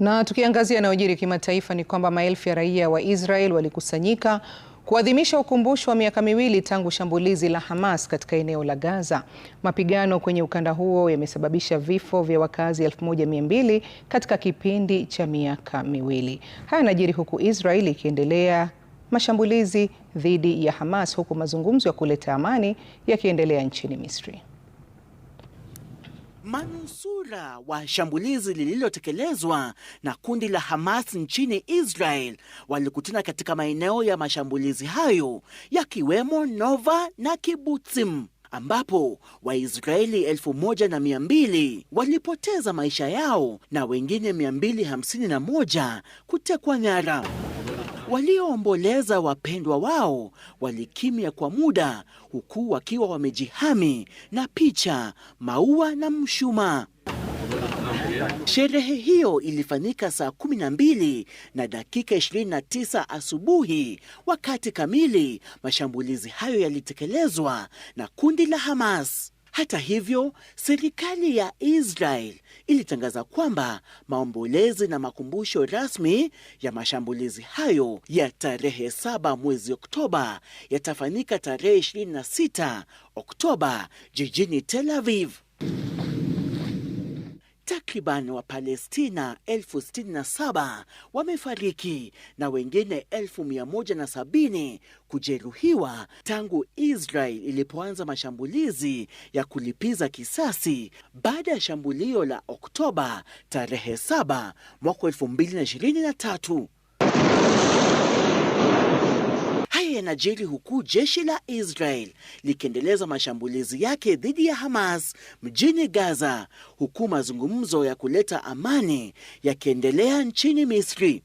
Na tukiangazia yanayojiri kimataifa ni kwamba maelfu ya raia wa Israel walikusanyika kuadhimisha ukumbusho wa miaka miwili tangu shambulizi la Hamas katika eneo la Gaza. Mapigano kwenye ukanda huo yamesababisha vifo vya wakazi 1200 katika kipindi cha miaka miwili. Haya yanajiri huku Israel ikiendelea mashambulizi dhidi ya Hamas huku mazungumzo ya kuleta amani yakiendelea nchini Misri. Manusura wa shambulizi lililotekelezwa na kundi la Hamas nchini Israel walikutana katika maeneo ya mashambulizi hayo yakiwemo Nova na Kibutsim ambapo Waisraeli 120 walipoteza maisha yao na wengine 251 kutekwa nyara. Walioomboleza wapendwa wao walikimya kwa muda, huku wakiwa wamejihami na picha, maua na mshumaa. Sherehe hiyo ilifanyika saa 12 na dakika 29 asubuhi, wakati kamili mashambulizi hayo yalitekelezwa na kundi la Hamas. Hata hivyo, serikali ya Israel ilitangaza kwamba maombolezi na makumbusho rasmi ya mashambulizi hayo ya tarehe 7 mwezi Oktoba yatafanyika tarehe 26 Oktoba jijini Tel Aviv takriban Wapalestina 67 wamefariki na wengine 170 kujeruhiwa tangu Israel ilipoanza mashambulizi ya kulipiza kisasi baada ya shambulio la Oktoba tarehe 7 mwaka 2023 yanajiri huku jeshi la Israel likiendeleza mashambulizi yake dhidi ya Hamas mjini Gaza, huku mazungumzo ya kuleta amani yakiendelea nchini Misri.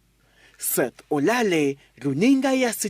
Seth Olale, runinga ya